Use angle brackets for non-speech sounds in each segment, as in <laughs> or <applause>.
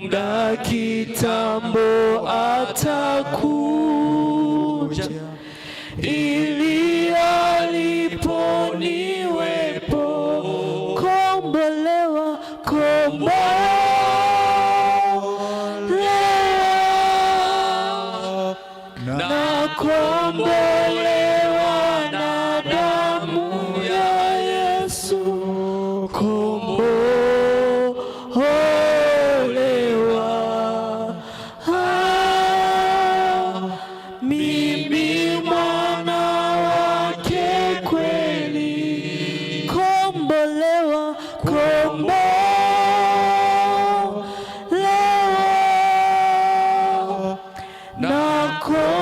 muda kitambo cool.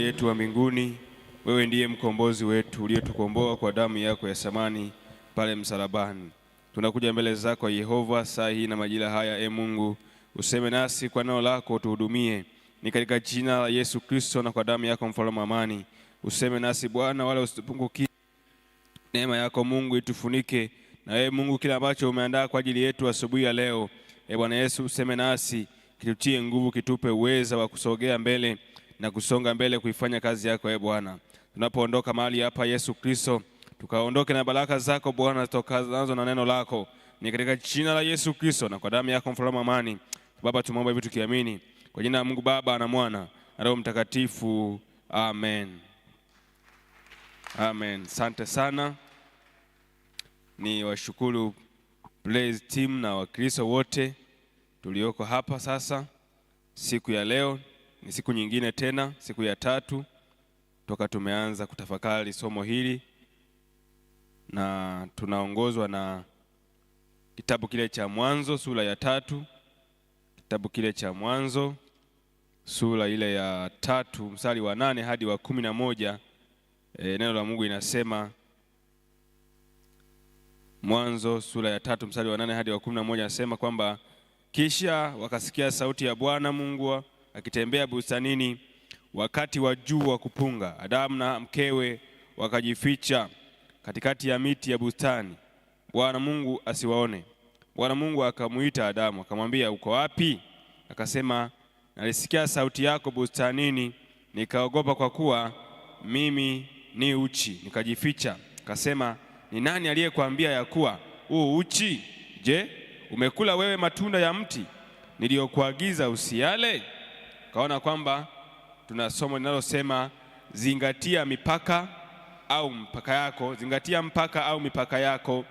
yetu wa mbinguni, wewe ndiye mkombozi wetu uliyetukomboa kwa damu yako ya samani pale msalabani. Tunakuja mbele zako Yehova saa hii na majira haya, e Mungu, useme nasi kwa neno lako, tuhudumie. Ni katika jina la Yesu Kristo na kwa damu yako, mfalme amani, useme nasi Bwana, wala usitupungukie neema yako Mungu itufunike na wewe Mungu, kila ambacho umeandaa kwa ajili yetu asubuhi ya leo. E Bwana Yesu, useme nasi, kitutie nguvu, kitupe uweza wa kusogea mbele na kusonga mbele kuifanya kazi yako, e Bwana. Tunapoondoka mahali hapa, Yesu Kristo, tukaondoke na baraka zako Bwana zitokanazo na neno lako, ni katika jina la Yesu Kristo na kwa damu yako mfalme amani. Baba, tumeomba hivi tukiamini kwa jina la Mungu Baba na Mwana na Roho Mtakatifu, amen. Amen, Sante sana. Ni washukuru praise team na Wakristo wote tulioko hapa sasa siku ya leo. Ni siku nyingine tena, siku ya tatu toka tumeanza kutafakari somo hili, na tunaongozwa na kitabu kile cha Mwanzo sura ya tatu, kitabu kile cha Mwanzo sura ile ya tatu mstari wa nane hadi wa kumi na moja. E, neno la Mungu inasema Mwanzo sura ya tatu mstari wa nane hadi wa kumi na moja, inasema kwamba kisha wakasikia sauti ya Bwana Mungu akitembea bustanini wakati wa jua kupunga, Adamu na mkewe wakajificha katikati ya miti ya bustani, Bwana Mungu asiwaone. Bwana Mungu akamuita Adamu akamwambia, uko wapi? Akasema, nalisikia sauti yako bustanini, nikaogopa, kwa kuwa mimi ni uchi, nikajificha. Akasema, ni nani aliyekuambia ya kuwa huu uchi? Je, umekula wewe matunda ya mti niliyokuagiza usiyale? kaona kwamba tuna somo linalosema zingatia mipaka au mpaka yako, zingatia mpaka au mipaka yako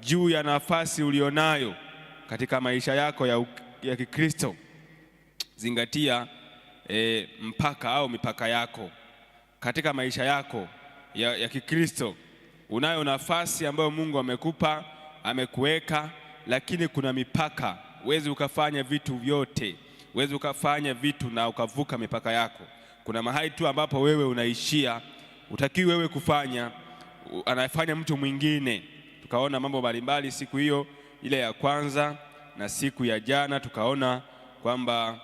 juu ya nafasi ulionayo katika maisha yako ya, ya Kikristo. Zingatia e, mpaka au mipaka yako katika maisha yako ya, ya Kikristo. Unayo nafasi ambayo Mungu amekupa amekuweka, lakini kuna mipaka, huwezi ukafanya vitu vyote. Huwezi ukafanya vitu na ukavuka mipaka yako. Kuna mahali tu ambapo wewe unaishia, utakii wewe kufanya, anafanya mtu mwingine. Tukaona mambo mbalimbali siku hiyo ile ya kwanza na siku ya jana, tukaona kwamba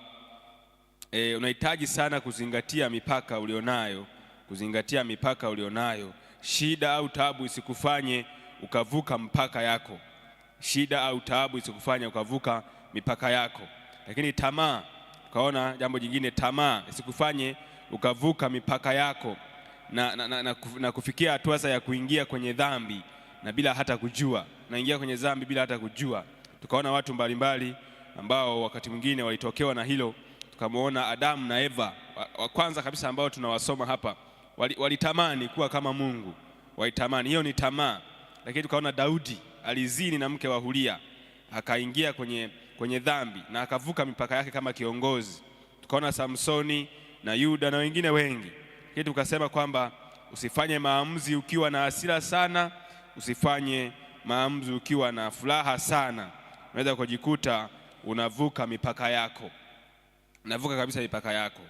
e, unahitaji sana kuzingatia mipaka ulionayo, kuzingatia mipaka ulionayo. Shida au taabu isikufanye ukavuka mpaka yako, shida au taabu isikufanye ukavuka mipaka yako. Lakini tamaa, tukaona jambo jingine, tamaa isikufanye ukavuka mipaka yako na, na, na, na, na kufikia hatua ya kuingia kwenye dhambi na bila hata kujua, naingia kwenye dhambi bila hata kujua. Tukaona watu mbalimbali ambao wakati mwingine walitokewa na hilo. Tukamwona Adamu na Eva wa kwanza kabisa ambao tunawasoma hapa, walitamani wali kuwa kama Mungu, walitamani, hiyo ni tamaa. Lakini tukaona Daudi alizini na mke wa Huria akaingia kwenye kwenye dhambi na akavuka mipaka yake kama kiongozi. Tukaona Samsoni na Yuda na wengine wengi, lakini tukasema kwamba usifanye maamuzi ukiwa na hasira sana, usifanye maamuzi ukiwa na furaha sana. Unaweza kujikuta unavuka mipaka yako, unavuka kabisa mipaka yako,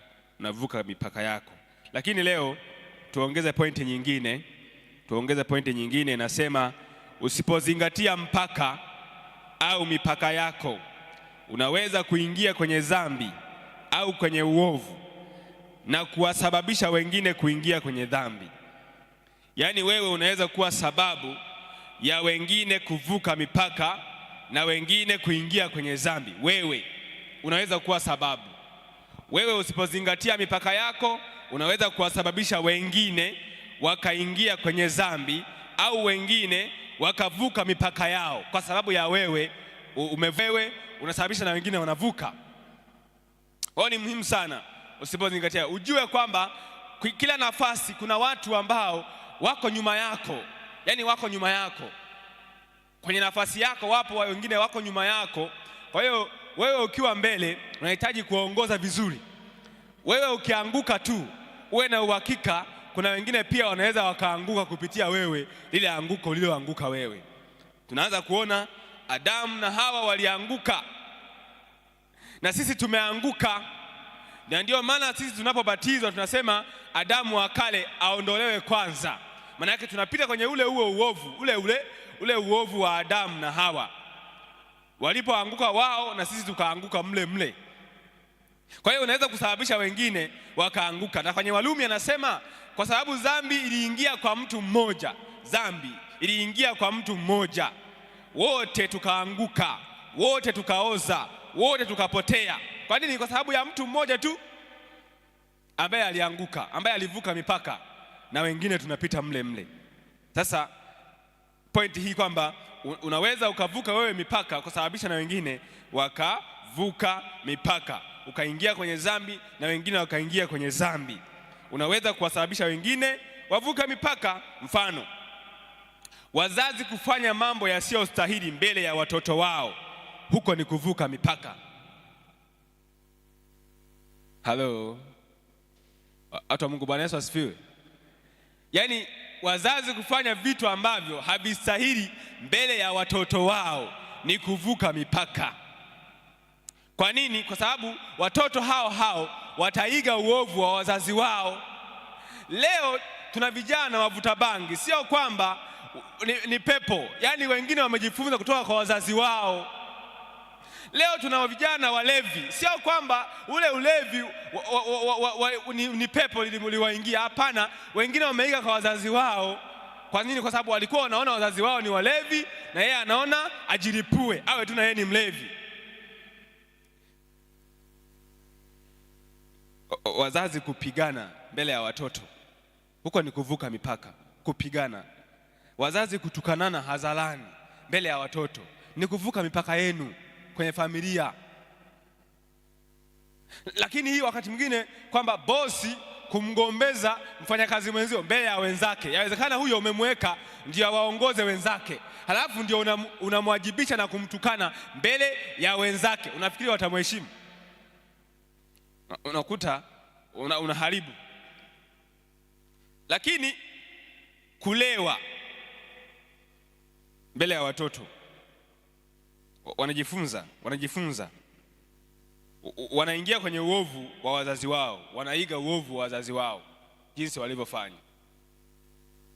unavuka mipaka yako. Lakini leo tuongeze pointi nyingine, tuongeze pointi nyingine, inasema usipozingatia mpaka au mipaka yako unaweza kuingia kwenye dhambi au kwenye uovu na kuwasababisha wengine kuingia kwenye dhambi. Yaani wewe unaweza kuwa sababu ya wengine kuvuka mipaka na wengine kuingia kwenye dhambi. Wewe unaweza kuwa sababu. Wewe usipozingatia mipaka yako, unaweza kuwasababisha wengine wakaingia kwenye dhambi au wengine wakavuka mipaka yao kwa sababu ya wewe umevewe unasababisha na wengine wanavuka. Kwao ni muhimu sana usipozingatia, ujue kwamba kila nafasi kuna watu ambao wako nyuma yako, yaani wako nyuma yako kwenye nafasi yako, wapo wengine wako nyuma yako. Kwa hiyo wewe ukiwa mbele unahitaji kuwaongoza vizuri. Wewe ukianguka tu uwe na uhakika kuna wengine pia wanaweza wakaanguka kupitia wewe lile anguko uliloanguka wewe. Tunaanza kuona Adamu na Hawa walianguka na sisi tumeanguka, na ndiyo maana sisi tunapobatizwa tunasema Adamu wa kale aondolewe kwanza. Maana yake tunapita kwenye ule uo uovu ule ule ule uovu wa Adamu na Hawa walipoanguka wao, na sisi tukaanguka mle mle. Kwa hiyo unaweza kusababisha wengine wakaanguka, na kwenye Walumi anasema kwa sababu dhambi iliingia kwa mtu mmoja, dhambi iliingia kwa mtu mmoja wote tukaanguka, wote tukaoza, wote tukapotea. Kwa nini? Kwa sababu ya mtu mmoja tu ambaye alianguka, ambaye alivuka mipaka, na wengine tunapita mle mle. Sasa pointi hii kwamba unaweza ukavuka wewe mipaka kusababisha na wengine wakavuka mipaka, ukaingia kwenye zambi na wengine wakaingia kwenye zambi. Unaweza kuwasababisha wengine wavuka mipaka, mfano Wazazi kufanya mambo yasiyostahili mbele ya watoto wao, huko ni kuvuka mipaka. Halo watu wa Mungu, Bwana Yesu asifiwe. Yaani wazazi kufanya vitu ambavyo havistahili mbele ya watoto wao ni kuvuka mipaka. Kwa nini? Kwa sababu watoto hao hao wataiga uovu wa wazazi wao. Leo tuna vijana wavuta bangi, sio kwamba ni, ni pepo. Yaani wengine wamejifunza kutoka kwa wazazi wao. Leo tuna vijana walevi, sio kwamba ule ulevi wa, wa, wa, wa, wa, ni, ni pepo liwaingia, hapana. Wengine wameiga kwa wazazi wao. Kwa nini? Kwa sababu walikuwa wanaona wazazi wao ni walevi, na yeye anaona ajiripue, awe tu na yeye ni mlevi. Wazazi kupigana mbele ya watoto, huko ni kuvuka mipaka, kupigana Wazazi kutukanana hadharani mbele ya watoto ni kuvuka mipaka yenu kwenye familia. Lakini hii wakati mwingine kwamba bosi kumgombeza mfanyakazi mwenzio mbele ya wenzake, yawezekana huyo umemweka ndio awaongoze wenzake, halafu ndio unamwajibisha na kumtukana mbele ya wenzake, unafikiri watamheshimu? Unakuta unaharibu. Lakini kulewa mbele ya watoto, wanajifunza wanajifunza, wanaingia kwenye uovu wa wazazi wao, wanaiga uovu wa wazazi wao jinsi walivyofanya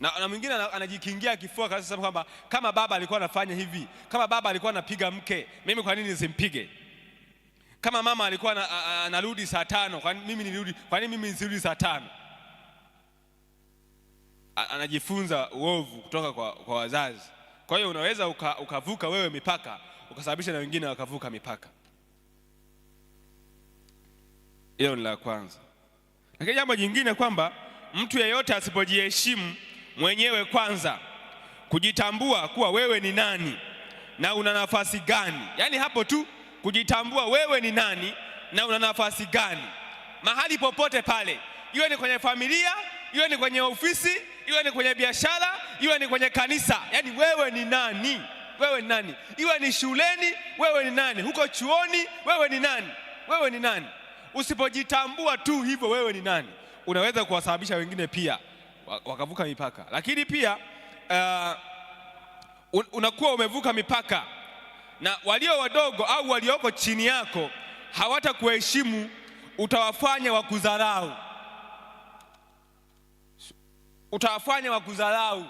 na, na mwingine anajikingia kifua kwa kwamba kama baba alikuwa anafanya hivi, kama baba alikuwa anapiga mke, mimi kwa nini nisimpige? Kama mama alikuwa anarudi saa tano, kwa mimi nirudi? Kwa nini mimi nisirudi saa tano? Anajifunza uovu kutoka kwa, kwa wazazi. Kwa hiyo unaweza uka, ukavuka wewe mipaka ukasababisha na wengine wakavuka mipaka. Hilo ni la kwanza. Lakini jambo jingine kwamba mtu yeyote asipojiheshimu mwenyewe kwanza, kujitambua kuwa wewe ni nani na una nafasi gani, yaani hapo tu kujitambua wewe ni nani na una nafasi gani mahali popote pale, iwe ni kwenye familia, iwe ni kwenye ofisi, iwe ni kwenye biashara iwe ni kwenye kanisa, yaani wewe ni nani? Wewe ni nani? Iwe ni shuleni, wewe ni nani? Huko chuoni, wewe ni nani? Wewe ni nani? Usipojitambua tu hivyo, wewe ni nani, unaweza kuwasababisha wengine pia wakavuka mipaka. Lakini pia uh, unakuwa umevuka mipaka na walio wadogo au walioko chini yako hawatakuheshimu, utawafanya wakudharau, utawafanya wakudharau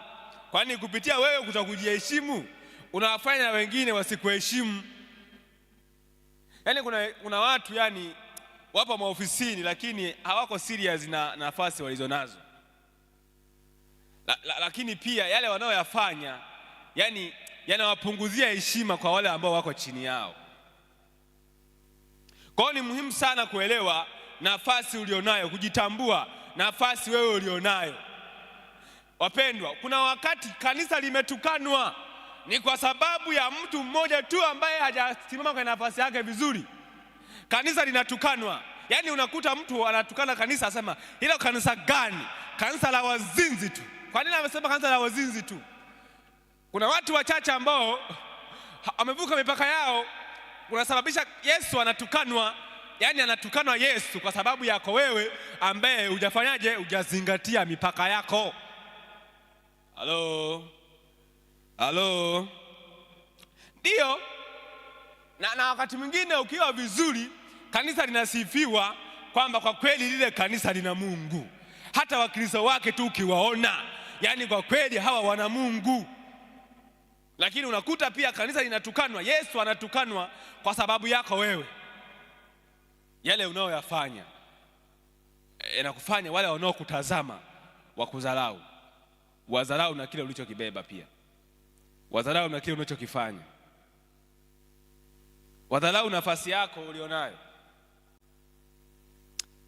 kwani kupitia wewe kutakujiheshimu unawafanya wengine wasikuheshimu. Yaani kuna, kuna watu yani wapo maofisini lakini hawako serious na nafasi walizonazo la, la, lakini pia yale wanayoyafanya yani yanawapunguzia heshima kwa wale ambao wako chini yao. Kwa hiyo ni muhimu sana kuelewa nafasi ulionayo, kujitambua nafasi wewe ulionayo. Wapendwa, kuna wakati kanisa limetukanwa ni kwa sababu ya mtu mmoja tu ambaye hajasimama kwenye nafasi yake vizuri, kanisa linatukanwa. Yaani unakuta mtu anatukana kanisa, asema hilo kanisa gani? Kanisa la wazinzi tu. Kwa nini amesema kanisa la wazinzi tu? Kuna watu wachache ambao wamevuka mipaka yao, unasababisha Yesu anatukanwa. Yaani anatukanwa Yesu kwa sababu yako wewe ambaye hujafanyaje, hujazingatia mipaka yako. Halo, halo, ndiyo. Na, na wakati mwingine ukiwa vizuri, kanisa linasifiwa kwamba kwa kweli lile kanisa lina Mungu. Hata wakristo wake tu ukiwaona, yaani kwa kweli hawa wana Mungu. Lakini unakuta pia kanisa linatukanwa, Yesu anatukanwa kwa sababu yako wewe, yale unayoyafanya yanakufanya eh, wale wanaokutazama wakudharau wadharau na kile ulichokibeba, pia wadharau na kile unachokifanya, wadharau nafasi yako ulionayo.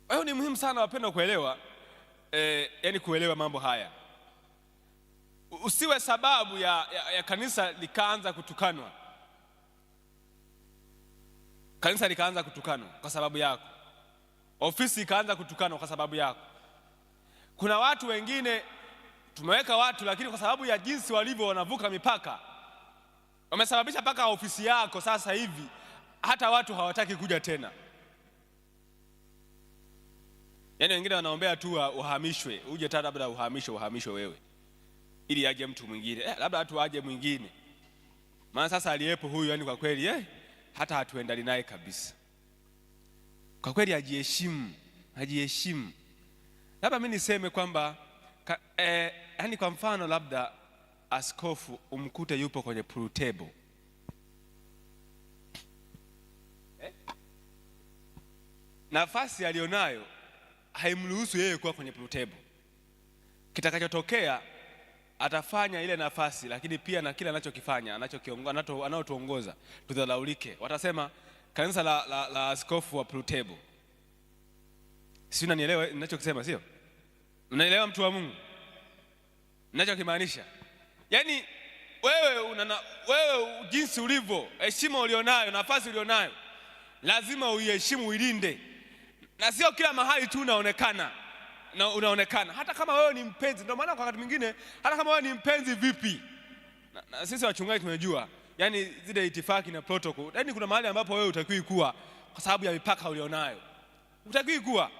Kwa hiyo ni muhimu sana wapendwa kuelewa e, yani kuelewa mambo haya. Usiwe sababu ya, ya, ya kanisa likaanza kutukanwa, kanisa likaanza kutukanwa kwa sababu yako, ofisi ikaanza kutukanwa kwa sababu yako. Kuna watu wengine tumeweka watu, lakini kwa sababu ya jinsi walivyo wanavuka mipaka, wamesababisha mpaka ofisi yako sasa hivi hata watu hawataki kuja tena. Yaani wengine wanaombea tu uhamishwe, uje ta labda uhamishwe, uhamishwe wewe ili aje mtu mwingine eh, labda watu aje mwingine, maana sasa aliyepo huyu, yani kwa kweli eh, hata hatuendani naye kabisa. Kwa kweli ajiheshimu, ajiheshimu. Labda mimi niseme kwamba Ka, eh, yani kwa mfano labda askofu umkute yupo kwenye pool table eh? Nafasi aliyonayo haimruhusu yeye kuwa kwenye plutebo Kitakachotokea atafanya ile nafasi, lakini pia na kile anachokifanya anayotuongoza tudhalaulike. Watasema kanisa la, la, la askofu wa pool table. Si unanielewa ninachokisema sio? Unaelewa mtu wa Mungu ninachokimaanisha? Yaani wewe, unana, wewe jinsi ulivyo, heshima ulionayo, nafasi ulionayo lazima uiheshimu, uilinde, na sio kila mahali tu unaonekana na unaonekana hata kama wewe ni mpenzi. Ndio maana kwa wakati mwingine hata kama wewe ni mpenzi vipi, na, na sisi wachungaji tumejua yani zile itifaki na protocol, yaani kuna mahali ambapo wewe utakiwi kuwa kwa sababu ya mipaka ulionayo, utakiwi kuwa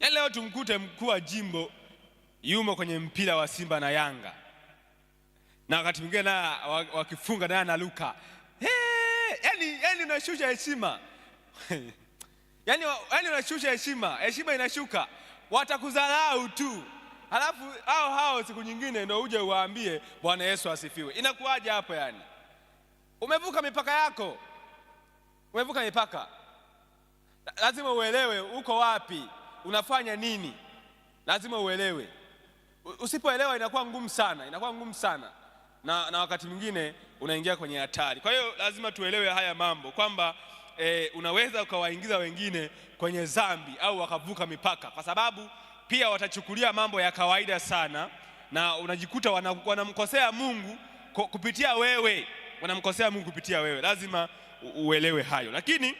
Yaani leo tumkute mkuu wa jimbo yumo kwenye mpira wa Simba na Yanga, na wakati mwingine na wakifunga naye anaruka, yaani yaani unashusha heshima <laughs> yaani yaani unashusha heshima, heshima inashuka, watakudharau tu halafu hao hao siku nyingine ndio uje uwaambie Bwana Yesu asifiwe. Inakuwaje hapo? Yani umevuka mipaka yako, umevuka mipaka. Lazima uelewe uko wapi unafanya nini, lazima uelewe. Usipoelewa inakuwa ngumu sana, inakuwa ngumu sana na, na wakati mwingine unaingia kwenye hatari. Kwa hiyo lazima tuelewe haya mambo kwamba e, unaweza ukawaingiza wengine kwenye zambi au wakavuka mipaka, kwa sababu pia watachukulia mambo ya kawaida sana, na unajikuta wanamkosea Mungu kupitia wewe, wanamkosea Mungu kupitia wewe. Lazima uelewe hayo, lakini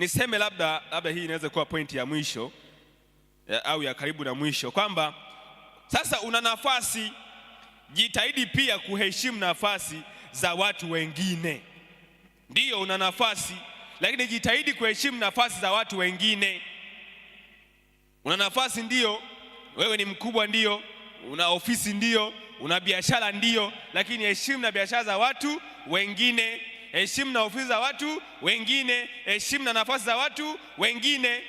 Niseme labda labda hii inaweza kuwa pointi ya mwisho ya, au ya karibu na mwisho kwamba sasa una nafasi, jitahidi pia kuheshimu nafasi za watu wengine. Ndiyo, una nafasi, lakini jitahidi kuheshimu nafasi za watu wengine. Una nafasi, ndiyo, wewe ni mkubwa, ndiyo, una ofisi, ndiyo, una biashara, ndiyo, lakini heshimu na biashara za watu wengine heshimu na ofisi za watu wengine, heshimu na nafasi za watu wengine.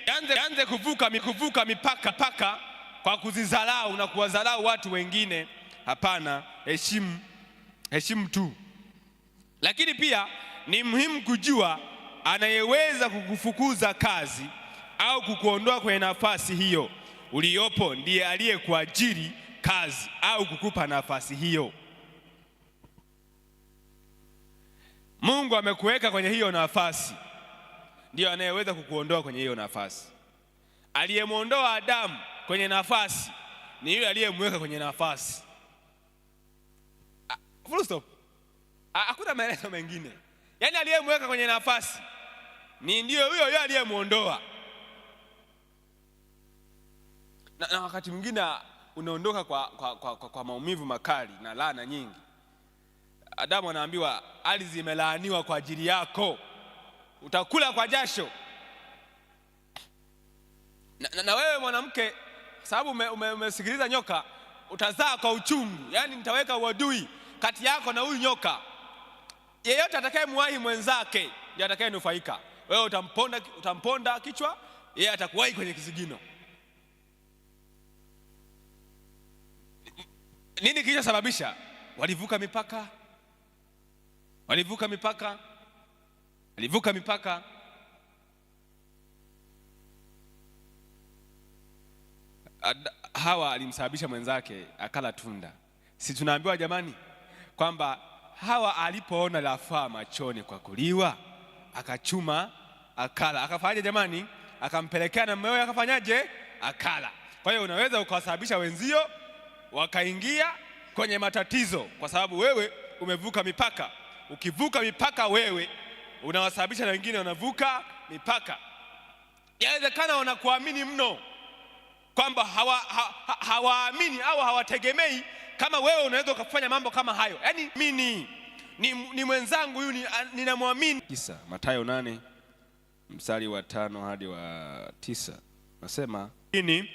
Anze kuvuka mikuvuka mipaka paka kwa kuzizalau na kuwadharau watu wengine. Hapana, heshimu heshimu tu. Lakini pia ni muhimu kujua anayeweza kukufukuza kazi au kukuondoa kwenye nafasi hiyo uliyopo ndiye aliyekuajiri kazi au kukupa nafasi hiyo. Mungu amekuweka kwenye hiyo nafasi, ndiyo anayeweza kukuondoa kwenye hiyo nafasi. Aliyemwondoa Adamu kwenye nafasi ni yule aliyemweka kwenye nafasi. Ah, full stop. Hakuna maelezo mengine. Yaani aliyemweka kwenye nafasi ni ndiyo huyo huyo aliyemwondoa. Na, na wakati mwingine unaondoka kwa, kwa, kwa, kwa, kwa maumivu makali na laana nyingi. Adamu anaambiwa ardhi imelaaniwa kwa ajili yako, utakula kwa jasho. Na, na, na wewe mwanamke, sababu umesikiliza ume, ume nyoka, utazaa kwa uchungu. Yaani nitaweka uadui kati yako na huyu nyoka, yeyote atakayemwahi mwenzake ndiye atakayenufaika. Wewe utamponda, utamponda kichwa, yeye atakuwahi kwenye kisigino. Nini kilichosababisha? Walivuka mipaka walivuka mipaka, walivuka mipaka. Hawa alimsababisha mwenzake akala tunda. Si tunaambiwa jamani, kwamba Hawa alipoona lafaa machoni kwa kuliwa, akachuma akala, akafanyaje jamani? Akampelekea na mumewe, akafanyaje? Akala. Kwa hiyo unaweza ukawasababisha wenzio wakaingia kwenye matatizo, kwa sababu wewe umevuka mipaka ukivuka mipaka wewe unawasababisha na wengine wanavuka mipaka. Yawezekana wanakuamini mno kwamba hawaamini hawa, hawa, au hawategemei kama wewe unaweza ukafanya mambo kama hayo. Yaani mimi ni, ni mwenzangu huyu ninamwamini. Kisa Mathayo nane mstari wa tano hadi wa tisa nasema ini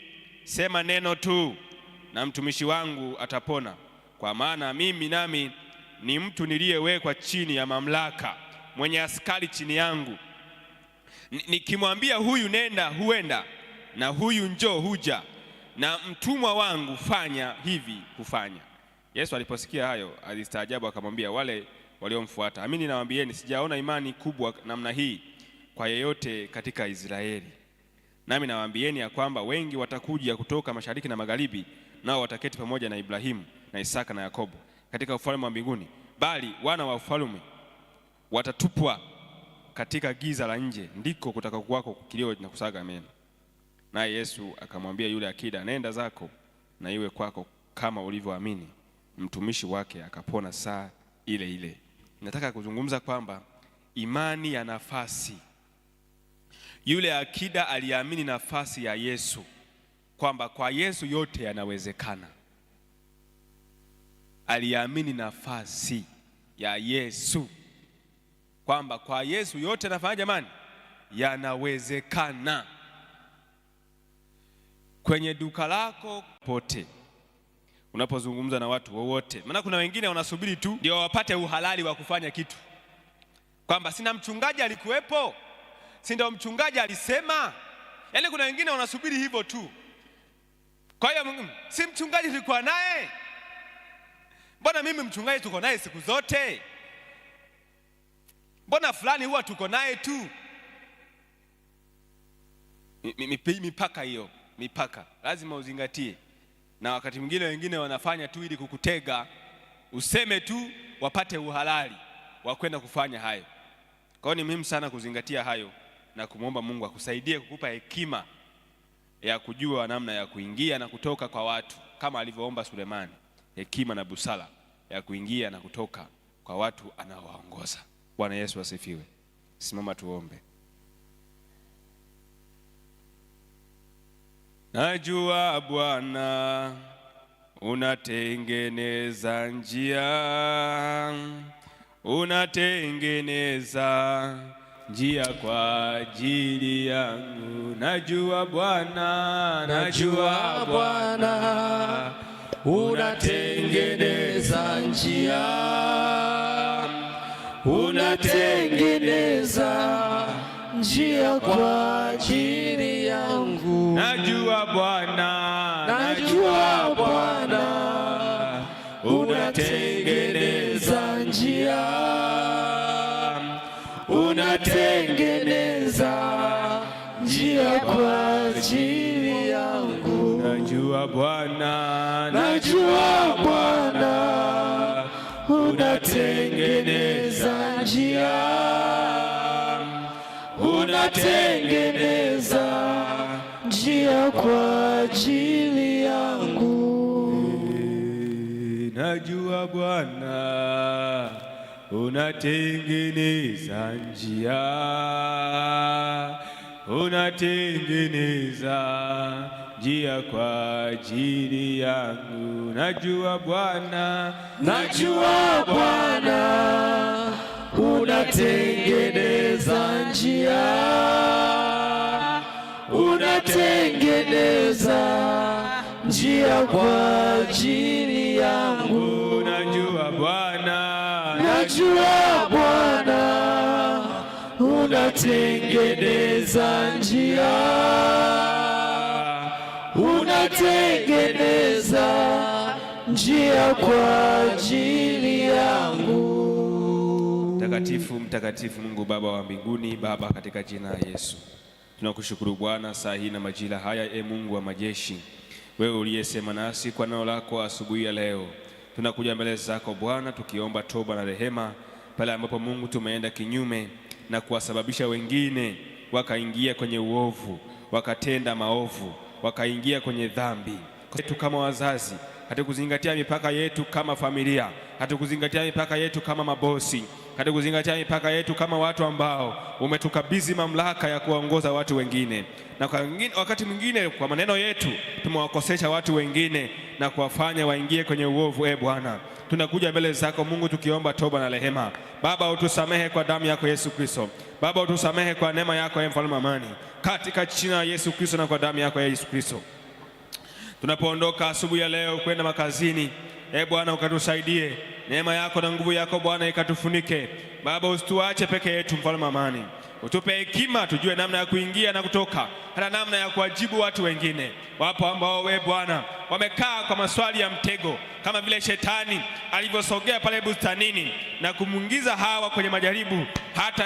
sema neno tu na mtumishi wangu atapona, kwa maana mimi nami ni mtu niliyewekwa chini ya mamlaka, mwenye askari chini yangu. Nikimwambia huyu nenda, huenda, na huyu njoo, huja, na mtumwa wangu fanya hivi, hufanya. Yesu aliposikia hayo alistaajabu, akamwambia wale waliomfuata, amini nawaambieni, sijaona imani kubwa namna hii kwa yeyote katika Israeli. Nami nawaambieni ya kwamba wengi watakuja kutoka mashariki na magharibi, nao wataketi pamoja na Ibrahimu na Isaka na Yakobo katika ufalme wa mbinguni, bali wana wa ufalme watatupwa katika giza la nje, ndiko kutakakuwako kilio na kusaga meno. Naye Yesu akamwambia yule akida, nenda zako na iwe kwako kama ulivyoamini. Mtumishi wake akapona saa ile ile. Nataka kuzungumza kwamba imani ya nafasi. Yule akida aliamini nafasi ya Yesu kwamba kwa Yesu yote yanawezekana aliamini nafasi ya Yesu kwamba kwa Yesu yote nafanya jamani, yanawezekana. Kwenye duka lako pote, unapozungumza na watu wowote, maana kuna wengine wanasubiri tu ndio wapate uhalali wa kufanya kitu, kwamba sina mchungaji alikuwepo, si ndio mchungaji alisema. Yaani kuna wengine wanasubiri hivyo tu. Kwa hiyo mm, si mchungaji tulikuwa naye Mbona mimi mchungaji tuko naye siku zote? Mbona fulani huwa tuko naye tu? Mipaka hiyo, mipaka lazima uzingatie, na wakati mwingine wengine wanafanya tu ili kukutega useme tu wapate uhalali wa kwenda kufanya hayo. Kwa hiyo ni muhimu sana kuzingatia hayo na kumwomba Mungu akusaidie kukupa hekima ya kujua namna ya kuingia na kutoka kwa watu kama alivyoomba Sulemani, hekima na busara ya kuingia na kutoka kwa watu anaowaongoza. Bwana Yesu asifiwe. Simama tuombe. Najua Bwana unatengeneza njia, unatengeneza njia kwa ajili yangu. Najua Bwana, najua Bwana unatengeneza njia, unatengeneza njia kwa ajili yangu. Najua Bwana, najua Bwana, unatengeneza njia, unatengeneza njia kwa ajili Najua Bwana, najua Bwana unatengeneza njia, unatengeneza njia kwa ajili yangu. Najua Bwana unatengeneza njia, unatengeneza njia umejia kwa ajili yangu. Najua Bwana, najua Bwana unatengeneza njia, unatengeneza njia kwa ajili yangu. Najua Bwana, najua Bwana unatengeneza njia umetengeneza njia kwa ajili yangu. Mtakatifu, mtakatifu Mungu Baba wa mbinguni, Baba, katika jina la Yesu tunakushukuru Bwana saa hii na majira haya. E Mungu wa majeshi, wewe uliyesema nasi kwa neno lako asubuhi ya leo, tunakuja mbele zako Bwana tukiomba toba na rehema pale ambapo Mungu tumeenda kinyume na kuwasababisha wengine wakaingia kwenye uovu wakatenda maovu wakaingia kwenye dhambi yetu kama wazazi, hatukuzingatia mipaka yetu kama familia, hatukuzingatia mipaka yetu kama mabosi katika kuzingatia mipaka yetu kama watu ambao umetukabidhi mamlaka ya kuwaongoza watu wengine, na kwa wakati mwingine kwa maneno yetu tumewakosesha watu wengine na kuwafanya waingie kwenye uovu. E Bwana, tunakuja mbele zako Mungu tukiomba toba na rehema. Baba, utusamehe kwa damu yako Yesu Kristo. Baba, utusamehe kwa neema yako e mfalme amani, katika jina la Yesu Kristo na kwa damu yako ya e Yesu Kristo. Tunapoondoka asubuhi ya leo kwenda makazini, e Bwana ukatusaidie Neema yako na nguvu yako Bwana ikatufunike. Baba, usituache peke yetu, mfalme amani, utupe hekima, tujue namna ya kuingia na kutoka, hata namna ya kuwajibu watu wengine. Wapo ambao we Bwana wamekaa kwa maswali ya mtego, kama vile shetani alivyosogea pale bustanini na kumwingiza Hawa kwenye majaribu, hata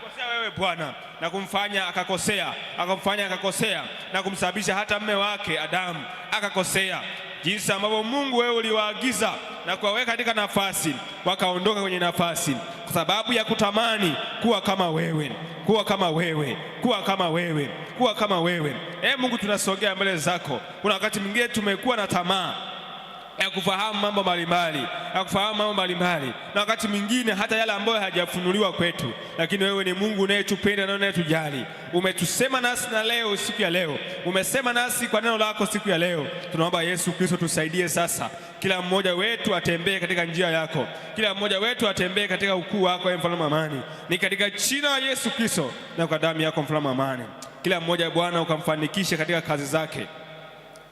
kukosea wewe Bwana na kumfanya akakosea, akamfanya akakosea na kumsababisha hata mme wake Adamu akakosea, jinsi ambavyo Mungu wewe uliwaagiza na kuwaweka katika nafasi, wakaondoka kwenye nafasi kwa sababu ya kutamani kuwa kama wewe, kuwa kama wewe, kuwa kama wewe, kuwa kama wewe. E Mungu, tunasogea mbele zako. Kuna wakati mwingine tumekuwa na tamaa ya kufahamu mambo mbalimbali ya kufahamu mambo mbalimbali, na wakati mwingine hata yale ambayo hajafunuliwa kwetu. Lakini wewe ni Mungu unayetupenda na unayetujali, umetusema nasi na leo, siku ya leo umesema nasi kwa neno lako siku ya leo. Tunaomba Yesu Kristo tusaidie sasa, kila mmoja wetu atembee katika njia yako, kila mmoja wetu atembee katika ukuu wako, ewe mfalme amani. Ni katika jina la Yesu Kristo na kwa damu yako, mfalme amani, kila mmoja Bwana ukamfanikishe katika kazi zake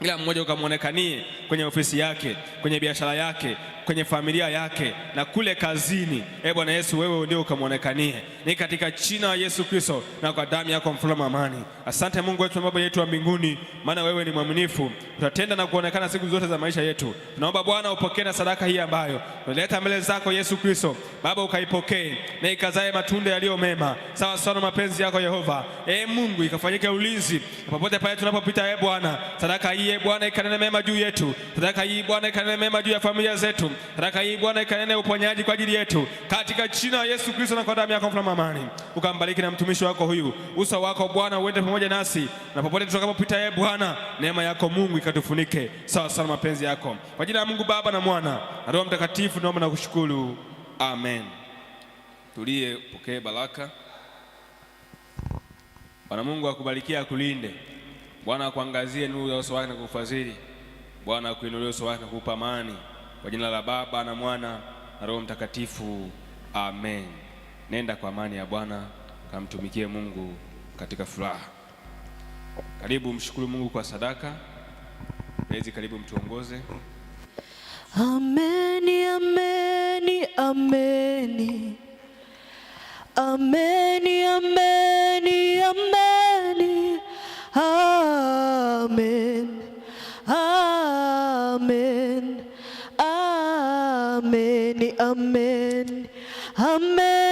kila mmoja ukamwonekanie kwenye ofisi yake, kwenye biashara yake, kwenye familia yake na kule kazini. E Bwana Yesu, wewe ndio ukamwonekanie. Ni katika jina la Yesu Kristo na kwa damu yako, mfalme amani. Asante Mungu wetu na Baba yetu wa mbinguni, maana wewe ni mwaminifu, utatenda na kuonekana siku zote za maisha yetu. Tunaomba Bwana upokee na sadaka hii ambayo tuleta mbele zako Yesu Kristo Baba, ukaipokee na ikazae matunda yaliyo mema sawa sawa na mapenzi yako Yehova. E Mungu, ikafanyike ulinzi popote pale tunapopita. E Bwana, sadaka hii e Bwana ikanene mema juu yetu, sadaka hii Bwana ikanene mema juu ya familia zetu Raka hii Bwana ikanene uponyaji kwa ajili yetu katika jina la Yesu Kristo, na kwa damu yako mfalme amani, ukambariki na mtumishi wako huyu. Uso wako Bwana uende pamoja nasi na popote tutakapopita, ye ee Bwana, neema yako Mungu ikatufunike sawa sawa mapenzi yako. Kwa jina la Mungu Baba na Mwana na Roho Mtakatifu, naomba na kushukuru amen. Tulie, pokee baraka. Bwana Mungu akubarikie, akulinde. Bwana akuangazie nuru ya uso wake na kukufadhili. Bwana akuinulie uso wake na kukupa amani. Kwa jina la Baba na Mwana na Roho Mtakatifu, amen. Nenda kwa amani ya Bwana, kamtumikie Mungu katika furaha. Karibu mshukuru Mungu kwa sadaka. Bezi, karibu mtuongoze. Ameni, ameni, ameni, ameni, ameni, ameni, amen. Amen. Amen.